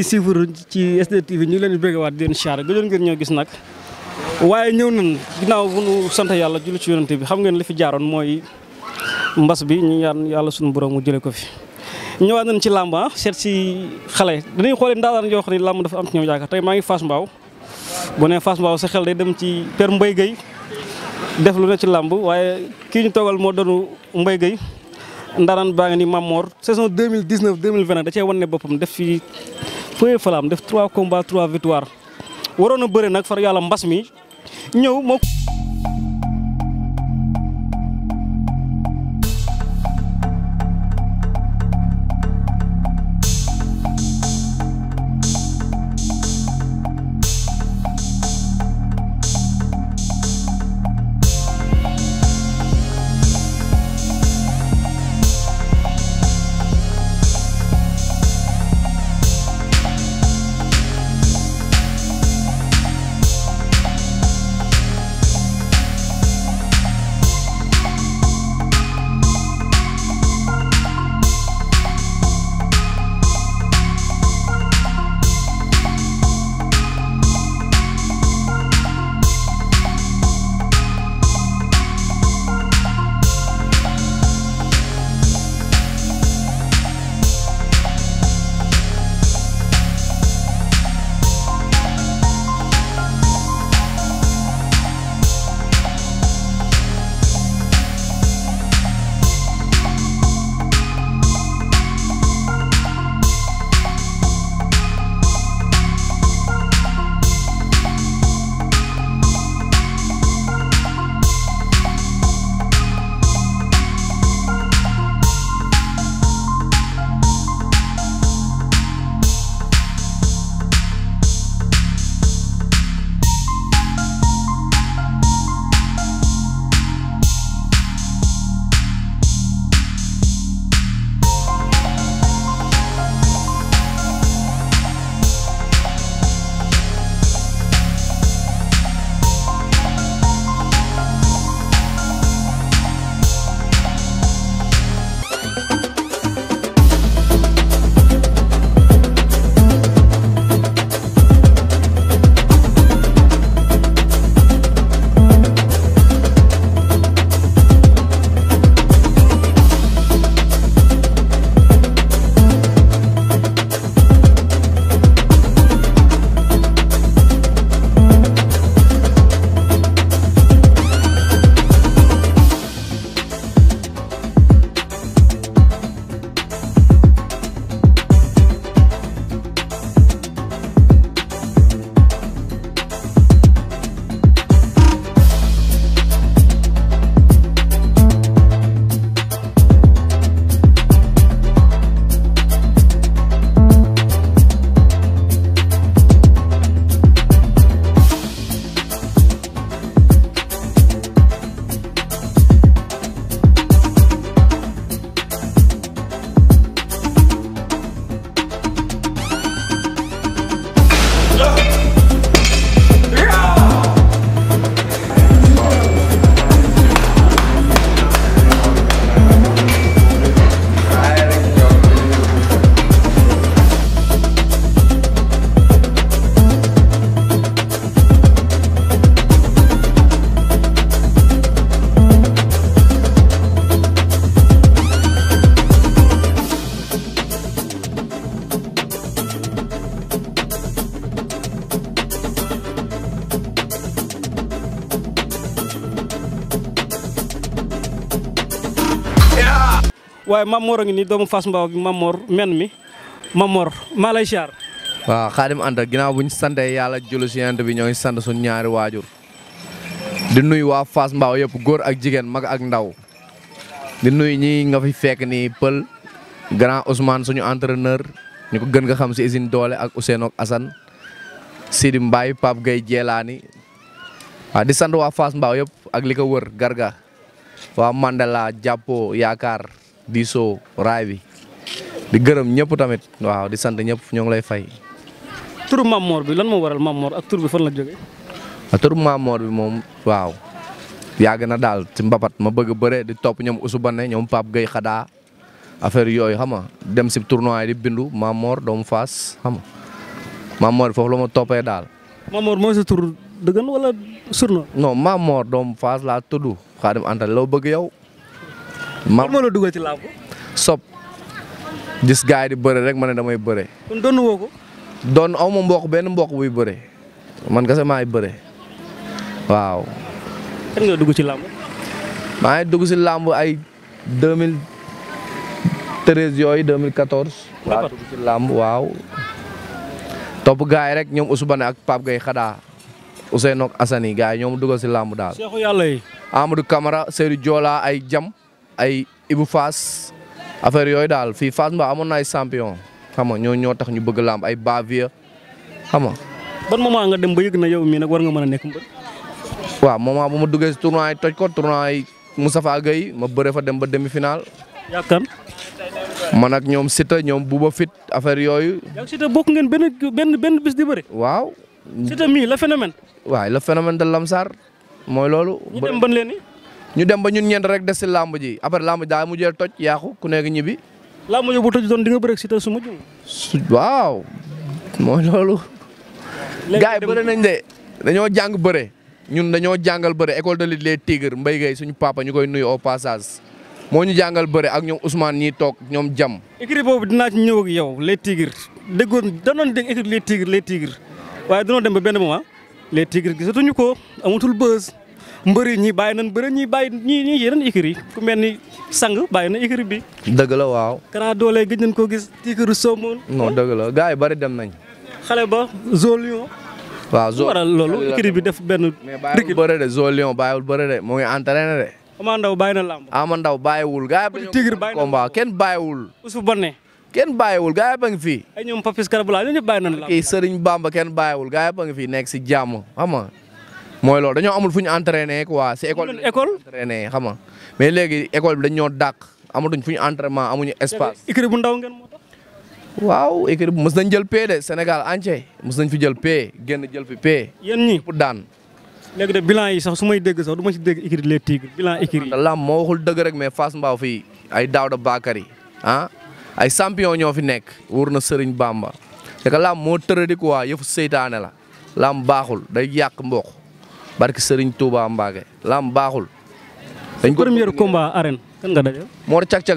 ñuy suivre ci SDT TV ñu ngi leen di béggewaat di leen siyaare da doon ngir gis nag waaye ñëw nañ ginnaaw bu ñu sant yàlla julli ci yonante bi xam ngeen li fi jaaroon mooy mbas bi ñu ñaan yàlla sunu borom mu jëlee ko fi ñëwaat nañ ci làmb ah, seet si xale dañuy xoolee ndaanaan yoo xam ne làmb dafa am ci ñoom yaakaar tey maa ngi Fass Mbao bu nee Fass Mbao sa xel day dem ci Père mbay Gueye def lu ne ci làmb waaye kii ñu toogal moo doonu Mbaye Gueye ndaanaan baa ngi ni Mamor saison 2019 2020 da cee feu falaam def trois combats 3 victoires waroon a bëre nag far yàlla mbas mi waaye Mamor ini ngi ni doomu Fass Mbao bi Mamor men mi Mamor maa lay siyaar. waaw Xaadim Anta ginnaaw bu ñu sante yàlla yent bi ñoy sande sant ñaari wajur di nuyu wa fas Mbao yëpp góor ak jigen mag ak ndaw di nuyu ñi nga fi fek ni peul grand Ousmane suñu entraîneur ñiko gën nga xam si usine dole ak Ousseynou asan. Assane Sidi pap gay jelani. Jeelaani di sande wa fas Mbao ak li wër Garga wa mandala Japo Yakar. di soo raay bi di gërëm ñëpp tamit waaw di sant ñëpp ñoo la lay fay. turu Mame Mor bi lan moo waral Mame Mor ak tur bi fan la jógee. Ah, turu Mame Mor bi moom waaw yàgg na daal ci mbapat ma bëgg a di top ñoom Ousmane ñoom Pape Gueye xadaa affaire yooyu xam nga dem si tournoi di bindu Mame Mor doomu Faas xam nga Mame Mor la ma toppee daal. Mame Mor mooy sa tur dëggan wala surna. non Mame Mor doomu Faas laa tudd Xaadim Anta loo bëgg yow. ma mën a ci làmb sob gis gars yi di bëre rek ma ne damay bëre. kon doon woo ko. doon aw ma benn mbokk bu bëre man kese maay bëre waaw. kan nga dugg ci làmb. maa ngi dugg si làmb ay 2013 yooyu 2014. waaw dugg ci yi rek ñoom Ousmane ak Pape Gueye Xadaa Ousseynou ak Assane yi gars yi ñoom duggal si làmb daal. Cheikhou yàlla yi. Amadou ay jam. ay ibu fas affaire yoy dal mbak fas Mba sampion, ay champion xam nga ñoo ñoo tax ñu bëgg lamb ay Bavia xam nga. ban moment nga dem ba yegg na yow mi nak war nga mëna a nekk mbër. waaw moment bu ma duggé tournoi toj ko tournoi Moustapha ma bëre fa dem ba demi final. yakam man ak ñom sita ñom buba Fit affaire yoy yaa ngi Siteu bokk ngeen ben ben ben bis di bëre waaw. Sita mi la phénomène. waaw le phénomène de Lamsar moy lolu ñu dem ban leni ñu dem ba ñun ñeent rek des si làmb ji après làmb ji daa mujjee toj yaaxu ku nekk ñibbi. làmb ji bu toj doon di nga bëre si te su mujj. waaw mooy loolu. gaa yi bëre nañ de dañoo jàng bëre ñun dañoo jàngal bëre école de lutte les Tigres Mbaye Gueye suñu papa ñu koy nuyu au passage moo ñu jàngal bëre ak ñoom Ousmane ñii toog ñoom jam écrit boobu dinaa ci ñëw ak yow le Tigres déggoon danoon dégg écrit les Tigres les Tigres waaye danoo dem ba benn moment les Tigres gisatuñu ko amatul buzz mbëri ñi bàyyi nañ bëri ñi bàyyi ñi ñi yeneen écurie ku mel ni sang bàyyi na écurie bi. dëgg la waaw. Kara Dollé gëj nañ koo gis écurie Somone. non dëgg la gars yi bari dem nañ. xale ba Zolion. waaw Zolion waral loolu bi def benn. mais bàyyiwul bëre de Zolion bàyyiwul bëre de mu ngi entraîné de. Ama Ndaw bàyyi na làmb. Ama Ndaw bàyyiwul gars yi. Tigre bàyyi na combat kenn bàyyiwul. Ousou Bonne. kenn bàyyiwul gaa yëpp a fii. ñoom Papis Karabula ñoom ñëpp bàyyi nañ la. kii Serigne Bamba kenn bàyyiwul gaa yëpp a ngi fii nekk si jàmm xam mooy loolu dañoo amul fu ñu entraîné quoi si école bi école entraîné xam nga mais léegi école bi dañ ñoo dàq amatuñ fu ñu entraînement amuñu espace. écrit bu ndaw ngeen waaw écrit bu mos nañ jël paie de Sénégal entier mos nañ fi jël paie genn jël fi paie. yéen ñii pour daan. léegi bilan yi sax su may dégg sax du ma si dégg écrit les tigres bilan écrit yi. lam moo waxul dëgg rek mais Fass mbaaw fii ay Daouda Bakary ah ay champion ñoo fi nekk wur na Serigne Bamba c'est que lam moo tëradi quoi yëfu seytaane la lam baaxul day yàq mbokk barki Serigne Touba Mbacke laam baaxul. dañ ko premier combat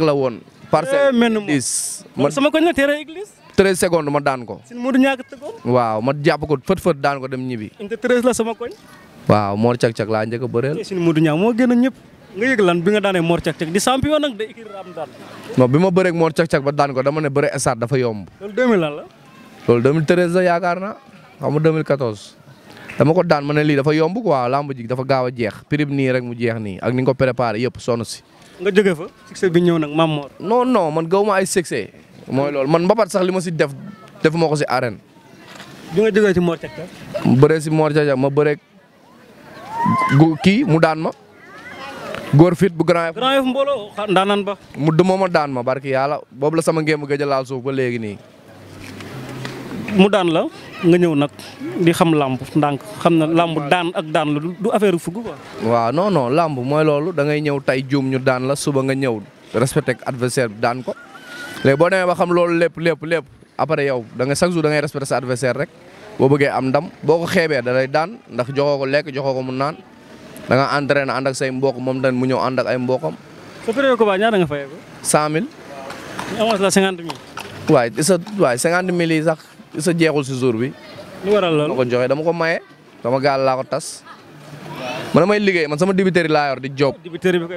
la woon. parcelle dix man sama koñ la terrain église. treize ma daan ko. sin waaw ma jàpp ko fët fët daan ko dem ñibbi. inte treize la waaw Mor càq-càq laa njëkk a bëreel. Eh, sin Modou ñàkk moo gën a ñëpp. nga yëg lan bi nga daanee Mor càq-càq di champion nag daan. non bi ma bëreeg Mor càq-càq ba daan ko dama ne bëre stade dafa yomb. loolu 2000 lan la. loolu 2013 la yaakaar naa xam dama ko daan ma li dafa yomb quoi lamb ji dafa gawa jeex prib ni rek mu jeex ni ak ni nga ko préparé yëpp sonn si. nga joge fa succès bi ñew nak mamor non non man gaw ay succès. moy man mbapat sax li def def moko ci si arène. bi nga joge ci Mor Cagcag. mu bëree si Mor Cagcag ma beure gu mu daan ma. gor fit bu grand. grand mbolo daanan ba. mu duma ma daan ma barki yalla bobu la sama suuf ba ni mu daan la nga ñëw nag di xam làmb ndànk xam na làmb daan ak daan la du affaire fugg quoi. waaw non non làmb mooy loolu da ngay ñëw tey juum ñu daan la suba nga ñëw respecté adversaire bi daan ko léegi boo demee ba xam loolu lépp lépp lépp après yow da nga chaque jour da ngay respecté boo bëggee am ndam boo ko da lay daan ndax joxoo ko lekk joxoo ko mu naan danga nga na ànd ak say mbokk moom tamit mu ñëw ànd ak ay mbokkam. sa premier combat ñaata nga fayee ko. 100000. ñu avance la 50 000. waay sa waay 50 sax. sa jeexul si jour bi. lu waral loolu ko joxe dama ko maye dama gaal laa ko tas. man damay liggéey man sama dibiteri laa yor di job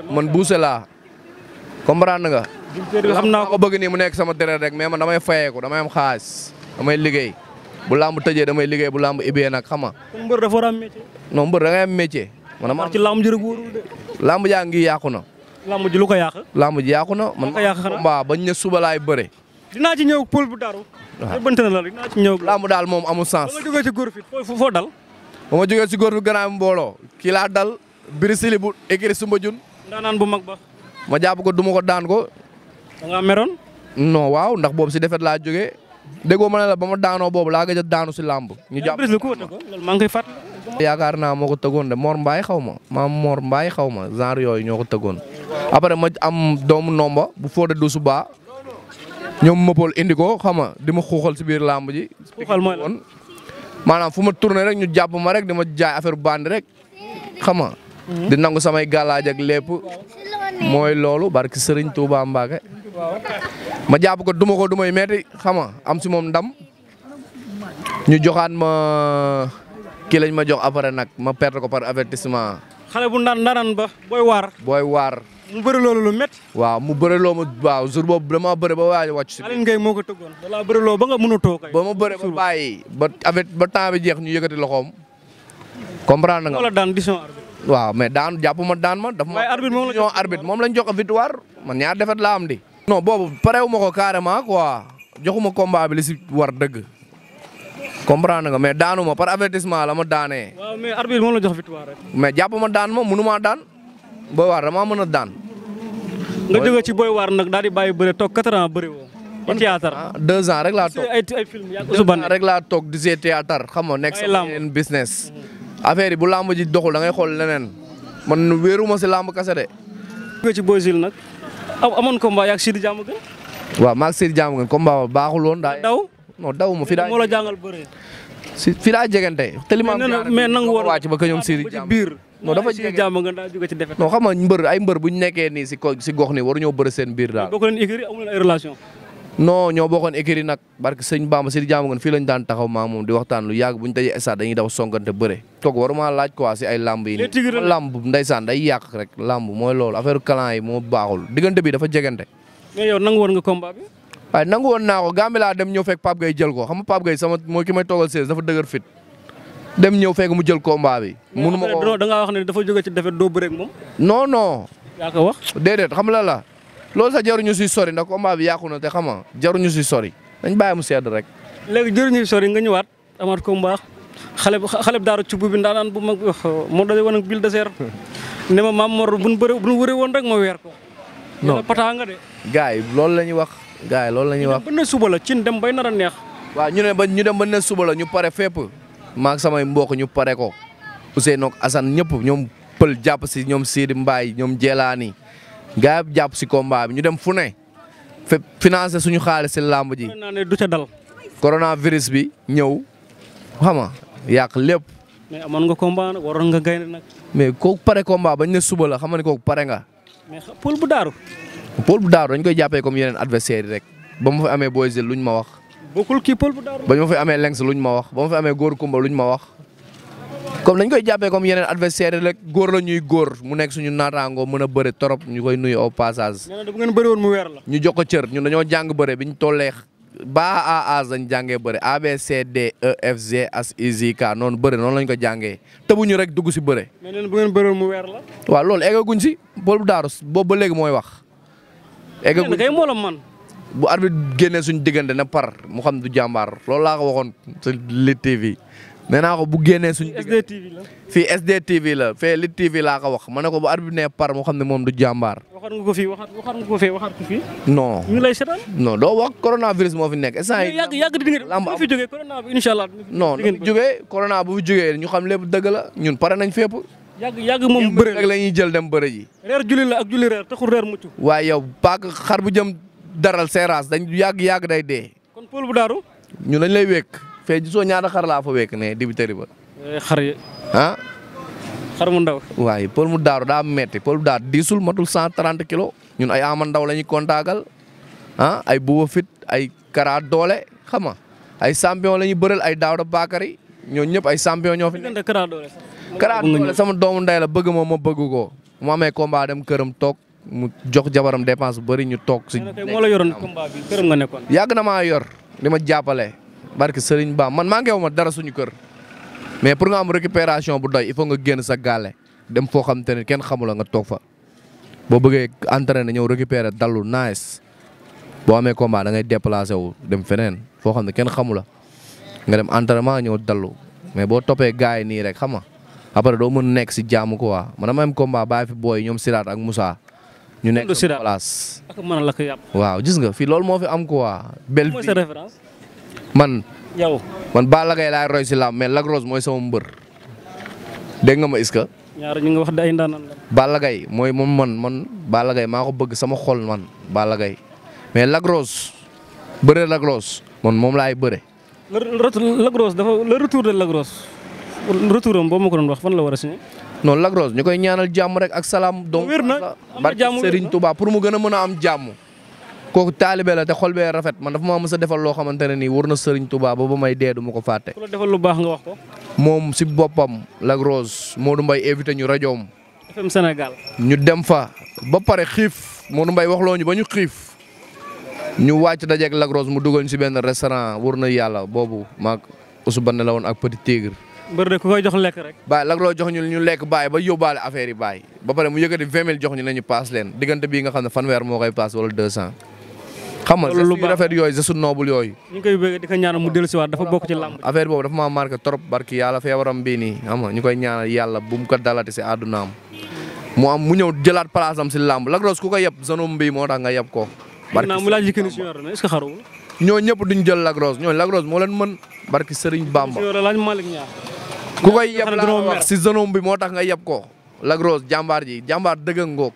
man buuse laa comprendre nga. xam naa ko bëgg mu nekk sama deret rek mais man damay fayeeku damay am xaalis damay liggéey bu lamb tëjee damay liggéey bu lamb ibee nag xam nga. mbër a am métier. non mbër da ngay am métier. man dama ci làmb ji rek wóorul de. jaa ngi yàqu na. làmb ji lu na man. lu ko yàq suba laay bëre. dinaa ci ñëw bu daru. waaw bënt na la daal moom amul sens. ba ma jógee ci góor fi foo foo dal. ma jógee ci góor fi gannaaw mbooloo kii laa dal birisili bu écrir sumba jun. ndaanaan bu mag ba. ma jàpp ko duma ko daan ko. da meroon. non waaw ndax boobu si defet laa jógee. déggoo ma na la ba ma daanoo boobu laa gëj a daanu si làmb. ñu jàpp yaakaar naa moo ko tëggoon de Mor mbaay xaw ma maam Mor Mbaye xaw ma genre yooyu ñoo ko tëggoon après ma am doomu nomba bu fóode du subaa ma bol indi ko xama dima xoxal ci bir lamb ji. xoxal moy lan manam fuma tourner rek ñu japp ma rek di jaay affaire bande rek xama mhm. di nangu samay gàllaaj ak lepp moy lolu barki Serigne Touba ma japp ko duma ko dumay metti xama am ci mom ndam. ñu joxaan ma ki lañ ma jox après nak ma perdre ko par avertissement. xale bu ndan ndanan ba boy war boy war mu bëri loolu lu métti. waaw mu bëri loo ma waaw jour boobu dama bëri ba waaj a wàcc si. Aline Gueye ko tëggoon loo ba nga mënatoo kay. ba ma bare ba bàyyi ba avec ba temps bi jeex ñu yëkkati loxoom. comprendre nga. wala daan daan jàpp ma daan ma. daf ma décision arbitre moom lañ jox victoire man ñaar defet laa am di. non boobu pareewu ma ko carrément quoi joxuma combat bi dëgg. comprendre nga mais daanu ma par avertissement la ma daanee. waaw ma daan ma mënu daan. Boy Waar damaa mën a daan. nga jóge ci Boy Waar nag daal di bàyyi bëre toog 4 ans bëre woo. ba théâtre ah, deux ans rek toog ay ay film rek laa toog di see théâtre xam nga nekk sa business. affaire yi bu làmb ji doxul da ngay xool leneen man wéeruma si làmb kase de. nga ci Boy Jules nag amoon combat yaa ngi Sidi maa ngi Sidi Diamaguène combat ba baaxul woon. daa daw non ma fi daa moo la jàngal bëre. si fi daa jegante. te li ma am mais nangu woon ba ko ñoom Sidi biir. non dafa jege jàmm nga daa jóge ci defet non xam nga mbër ay mbër bu ñu nekkee nii si ko gox nii waruñoo bëri seen biir daal. bokk leen écurie amul ay relation. non ñoo bokkoon écurie si jàmm nga fii lañ daan taxaw maa di waxtaan lu yàgg bu ñu dajee stade dañuy daw songante bëre. toog waruma laaj quoi si ay lamb yi. lamb ndeysaan day yàq rek lamb mooy loolu affaire clan moo baaxul diggante bi dafa jegante. mais yow nangu woon nga combat bi. waaye nangu woon naa ko ko xam nga Pape sama mooy ki may sees dafa fit dem ñëw fekk mu jël combat bi. munu ma ko da nga wax ne dafa jóge ci defet doo bëreeg moom. non non. yaa ko wax. déedéet xam la la loolu sax jaruñu si sori ndax combat bi yàqu na te xam nga jaruñu si sori dañ bàyyi mu sedd rek. léegi jaruñu sori nga ñëwaat amaat combat xale bu xale bu daaru cubb bi ndaanaan bu mag oh, moo daje woon ak Bulle de Serre ne ma maam Mor bu nu bëree bu nu wëree woon rek ma weer ko. non pata nga de. gars yi loolu la ñuy wax. gars yi loolu la ñuy wax ñu dem ba ne suba la cin dem bay nar a neex. waaw ñu ne ba ñu dem ba ne suba la ñu pare fépp maak samay mbokk ñu pare ko Ousseynou ak Assane ñëpp ñoom pël jàpp si ñoom Sidi Mbaye ñoom Jelaani gaa yi jàpp si combat bi ñu dem fu ne fe financé suñu xaalis si làmb ji. du ca dal. coronavirus bi ñëw xam nga yàq lépp. mais amoon nga combat waroon nga gaynde nag. mais kooku pare combat bañ ne suba la xam nga ne kooku pare nga. mais Paul bu daaru. Paul bu daaru dañ koy jàppee comme yeneen adversaire yi rek ba mu fa amee booy luñ ma wax. bokkul kii pël bu daaru. ba ñu ma fi amee lengs luñ ma wax ba ma fi amee góor kumba luñ ma wax comme dañ koy jàppee comme yeneen adversaire rek góor la ñuy góor mu nekk suñu naataangoo mën a bëre torop ñu koy nuyu au passage. nee na woon mu weer la. ñu jox ko cër ñun dañoo jàng bëre bi ñu tollee ba A A dañ jàngee bëre A B C D E F G H I J K noonu bëre noonu lañ ko jàngee tëbuñu rek dugg si bëre. mais nee na bu ngeen bëri woon mu weer la. si pël bu daaru boobu ba léegi mooy wax. eggaguñ bu arbitre génnee suñ diggante ne par mu xam du jàmbaar loolu laa ko waxoon sa Lutte TV nee naa ko bu génnee suñ. SDTV la fii SDTV la fee Lutte TV laa ko wax ma ne ko bu arbitre ne par mu xam ne moom du jàmbaar. waxaat nga ko fii waxaat waxaat nga ko fii waxaat ko fii. non ñu lay seetal. non doo wax coronavirus moo fi nekk instant yii. yàgg yàgg di ngeen bu fi jógee corona bi bu fi jógee ñu xam lépp dëgg la ñun pare nañ fépp. yàgg yàgg moom bëre rek la ñuy jël dem bëre ji. reer julli la ak julli reer taxul reer mucc. waaye yow paak xar bu jëm daral seeraas dañ yàgg yàgg day dee. kon pël bu daaru. ñu dañ lay wékk fee gisoo ñaata xar laa fa ne dibiteri ba. Eh, xar yi. ah. mu ndaw. waaye pël mu daaru daa metti pël mu daaru diisul matul cent trente kilos ñun ay ama ndaw la ñuy kontaagal ah ay buba fit ay kara doole xam nga ay champion la ñuy bëral ay daaw da baakari ñoo ñëpp ay champion ñoo fi. kara doole sama doomu nday la bëgg moom ma bëgg ko mu amee combat dem këram toog. mu jox jabaram depanse bu bëri ñu toog si. moo la yoroon combat bi këram nga yàgg na maa yor di ma jàppale. barke Serigne Ba man maa wu ma dara suñu kër. mais pour nga am récupération bu doy il faut nga génn sa gaale dem foo xam te ne kenn xamula nga toog fa. boo bëggee na ñëw récupérer dallu nice boo amee combat da ngay déplacé wu dem feneen foo xam ne kenn xamula nga dem entraînement ñëw dallu mais boo toppee gars yi nii rek xam nga après doo mën nekk si jaamu quoi man ma am combat bàyyi fi booy ñoom Siraat ak Moussa. ñu nekk place ak man la ko yàpp waaw gis nga fii loolu moo fi am quoi. belle mooy sa référence. man. yow man Balla Gaye laay roy si làmb mais Lac Rose moy sama mbeur dégg nga ma iska ñaar ñu nga wax day ndaanaan la. Balla Gaye mooy moom man man ba la gay mako bëgg sama xol man ba la gay mais Lac Rose beure Lac Rose man mom lay beure le retour Lac Rose dafa le retour de Lac Rose retour bo boo don wax fan la wara a signé non la Rose ñukoy ñaanal jamm rek ak salam donc wér Serigne Touba pour mu gëna mëna am jamm ko talibé la té xol bé rafet man dafa ma mësa défal lo xamanténi ni ne Serigne Touba ba bamay may dee du faté ko défal lu baax nga wax ko. mom ci bopam la Rose Modou mbay invité ñu radioom FM Sénégal. ñu dem fa ba paré xif Modou mbay wax loñu ba ñu xiif. ñu wàcc dajeeg Lac mu ci restaurant yalla bobu mak usu ak Petit Tigre mbër de ku koy jox lek rek. bàyyi lak lo jox ñu ñu lek bay ba yobale affaire yi bay ba pare mu yëkkati 20000 jox ñu lañu pass len digënté bi nga xamne ne fanweer moo koy pass wala 200 cent. xam nga lu rafet yoy je sun noble yoy ñu koy bëgg di ko ñaanal mu delu ci waat dafa bok ci lamb affaire bobu dafa ma marqué trop barki yàlla feebaram bi ni xam nga ñu koy ñaanal yalla bu mu ko dalati si àddunaam mu am mu ñew jëlat place am ci lamb lak ros ku ko yeb zanum bi mo tax nga yeb ko. barki mu laaj yëkkani si yor na est-ce xaru ñoo ñep duñ jël lak ros ñoo lak ros mo leen mën barki Serigne Bamba. laaj Malick Niang ku koy yeb laa wax si zone bi moo tax nga yeb ko. Lac Rose jàmbaar ji jàmbaar dëgg ngoog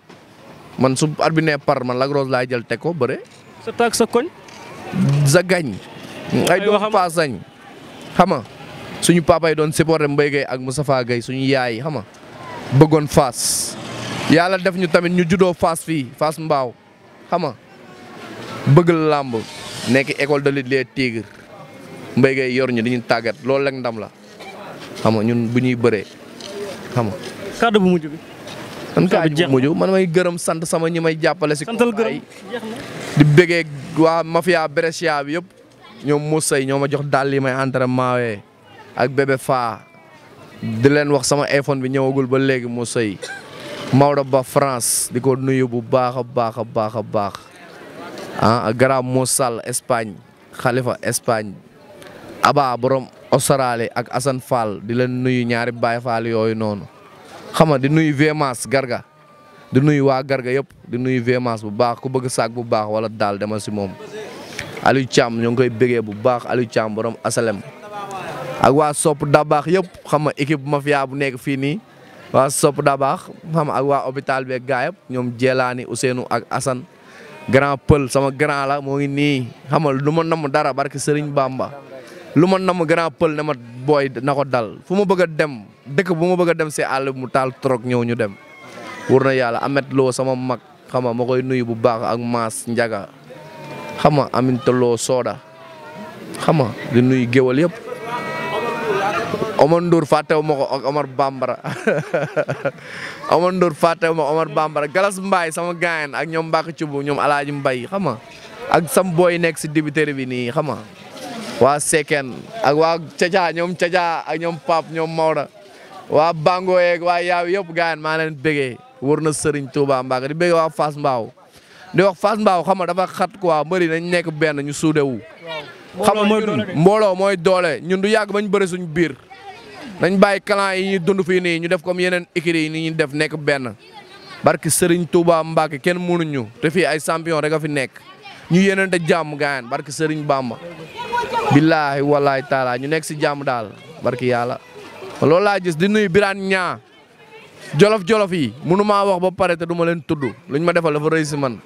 man su at bi nee par man Lac laa jël teg ko bëre. sa taag sa koñ. sa gañ. ay doon paasañ. xam suñu papa yi doon supporté Mbaye Gueye ak Moustapha Gueye suñu yaay xam nga bëggoon Fass. yàlla def ñu tamit ñu judoo faas fii Fass Mbaaw xama bëgg làmb nekk école de lutte les Tigres Mbaye yor ñu di ñu tàggat loolu rek ndam la. xam nga ñun bu ñuy bëree xam nga. kàddu bu mujj bi. man man may gërëm sant sama ñi may jàppale si. santal gërëm di bëggee waa mafia Brescia bi yëpp. ñoom Moussa ñoo ma jox dàll yi may entraînement wee ak bébé Faa di leen wax sama iPhone bi ñëwagul ba léegi Moussa yi Maodo Ba France di ko nuyu bu baax a baax a baax a baax ah ak Gara Moussal Espagne Khalifa Espagne borom. Australie ak Assane Fall di leen nuyu ñaari baay Fall yooyu noonu xam nga di nuyu Vémas Garga di nuyu waa Garga yëpp di nuyu Vémas bu baax ku bëgg saak bu baax wala daal demal si moom. Aliou Thiam ñoo ngi koy bégee bu baax Aliou Thiam borom asalem ak waa Sopp Dabaax yëpp xam nga équipe mafia bu nekk fii nii waa Sopp Dabaax xam nga ak waa hôpital beeg gaa yëpp ñoom Jelaani Ousseynou ak Assane grand pël sama grand la moo ngi nii xam nga lu ma namm dara barke Serigne Bamba. lu ma namm grand pël ne ma booy na ko dal fu ma bëgg dem dëkk bu ma bëgg a dem si àll mu taal trop ñëw ñu dem. wur na yàlla Amet loo sama mag xam nga ma koy nuyu bu baax ak Maas Njaga xam nga Aminta Lo Soda xam nga di nuyu géwal yëpp. Omar Ndour fàttewu ma ko ak Omar Bambara Omar Ndour fàttewu ma Omar Bambara Galas Mbaye sama gaayen ak ñoom Mbacke Cubu ñoom Alaaji Mbay xam nga ak sama booy nekk si dibiteri bi nii xam waa Seken ak waa Caca ñoom Caca ak ñoom Pape ñoom Maodo waa Bango yeeg waa yaaw yëpp gars yi maa leen bëggee wër na sëriñ Touba Mbacke di bëggee waa Fass Mbao di wax Fass Mbao xam nga dafa xat quoi bëri nañ nekk benn ñu suudewu xam nga mbooloo mooy doole ñun du yàgg bañ bëri suñu biir nañ bàyyi clan yi ñuy dund fii nii ñu def comme yeneen écuries yi ni ñuy def nekk benn sëriñ Serigne Touba Mbacke kenn mënuñu te fii ay champion rek a fi nekk ñu yeneen te jàmm gaañ barki Serigne Bamba billahi wallahi taala ñu nek ci jamm dal barki yalla lo la gis di nuy biran nya jolof jolof yi mënu maa wax ba pare té duma len tuddu tudd ma défal dafa rëy man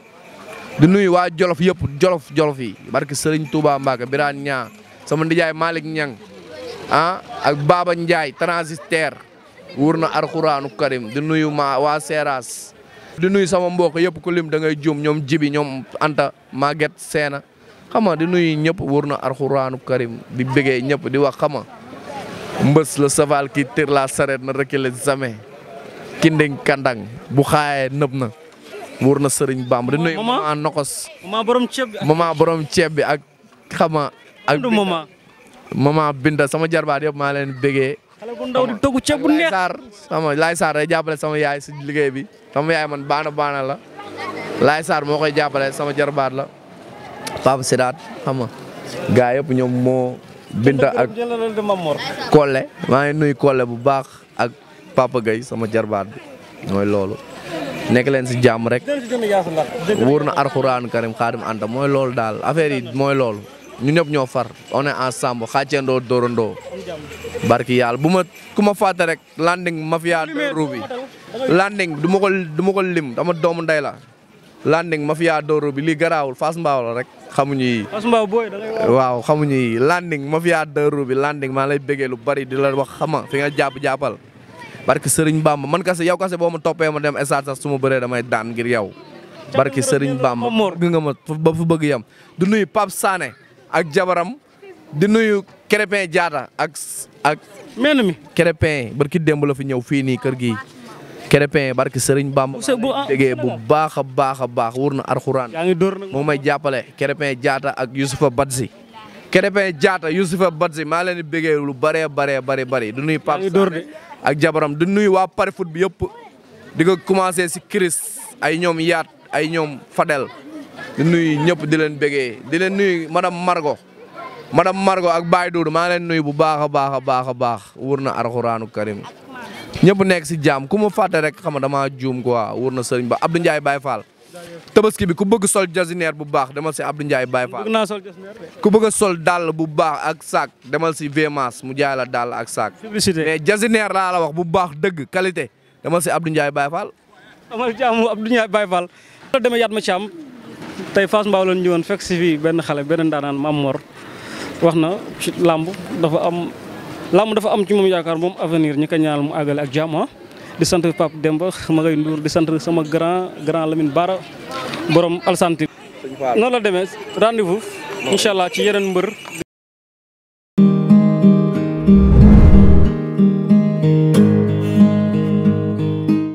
di nuy wa jolof yépp jolof jolof yi barki Serigne Touba mbaka Birane sama ndijay malik ñang ah ak Baba Ndiaye transistor wurna na karim di nuyu ma wa Seras di nuyu sama mbokk yépp ko lim da ngay juum ñom jibi ñom Anta maget Sena xama di nuyu ñep wurna na karim di bege ñep di wax xama mbeus le saval ki tire la charrette ne recule jamais kindeng kandang bu xaye nebna wurna wër bam sëriñ bamb di nuyu mama nokos mama borom cieb bi ak xama ak mama binda sama jarbaat yëpp maa leen bëggee xale bu ndaw di sama Laay Sarr day jàppale sama yaay si liggéey bi sama yaay man baana baana la Laay sar moo koy jàppale sama jarbaat la Papa sedat, xam nga gaay yop ñom mo binta ak Kole ma ngi nuy Kole bu baax ak Papa gay sama jarbaat moy lolu nek leen si jàmm rek wóor na karim khadim anta moy lolu dal affaire yi moy lolu ñu ñëpp ñoo far on est ensemble xatiendo dorondo barki yàlla buma kuma ku rek landing mafia ruby, landing duma ko duma ko lim dama doomu nday la landing mafia Doro bi li garaawul fas Mbao la rek xamuñu yi. fas mbaw boy da ngay waw xamuñu yi landing mafia Doro bi landing ma lay bëggee lu bari di la wax xama fi nga japp jappal barki Serigne Bamba man kase yow kase boma ma ma dem stade sax suma ma damay daan ngir yow. barki Serigne Bamba bëgg nga ma ba fu bëgg yam du nuyu pap Sané ak jabaram di nuyu jara jaata ak ak. mel crépin barki dembu la fi ñew fi ni kër gi Krépin barki Serigne Bamba ah, déggee bu baax a baax a baax wur na arxuraan moom may jàppale Krépin jaata ak Youssoufa Badji Krépin Diatta Youssoufa Badji maa leen di béggee lu bëree bëree bëri bëri du nuy Pape Sané ak jabaram du nuy waa pari foot bi yëpp di ko commencé si Chris ay ñoom yaat ay ñoom Fadel di nuy ñëpp di leen béggee di leen nuy madame Margot madame Margo ak baay Doudou maa leen nuyu bu baax a baax a baax a baax wër na arxuraanu karim ñëpp nekk si jaam ku ma fàtte rek xam nga damaa juum quoi wër na sëriñ ba Abdou Ndiaye Baye Fall. tabaski bi ku bëgg sol jasineer bu baax demal si Abdou Ndiaye Baye Fall ku bëgg sol dàll bu baax ak saak demal si Vémas mu jaay la dàll ak saak. mais jasineer laa la wax bu baax dëgg qualité demal si Abdou Ndiaye Baye Fall. amal jaamu Abdou Ndiaye Baye Fall. loolu demee yaat ma ci am tey Fass Mbao la ñu ñëwoon fekk si fii benn xale benn ndaanaan Mame Mor wax na ci làmb dafa am làmb dafa am ci moom yaakaar moom avenir ñi ko mu àggale ak jàmm ah. di sant Pape Demba ma ngay Ndour di sant sama grand grand Lamine Bara borom alsanti noonu la demee rendez-vous incha ci yeneen mbër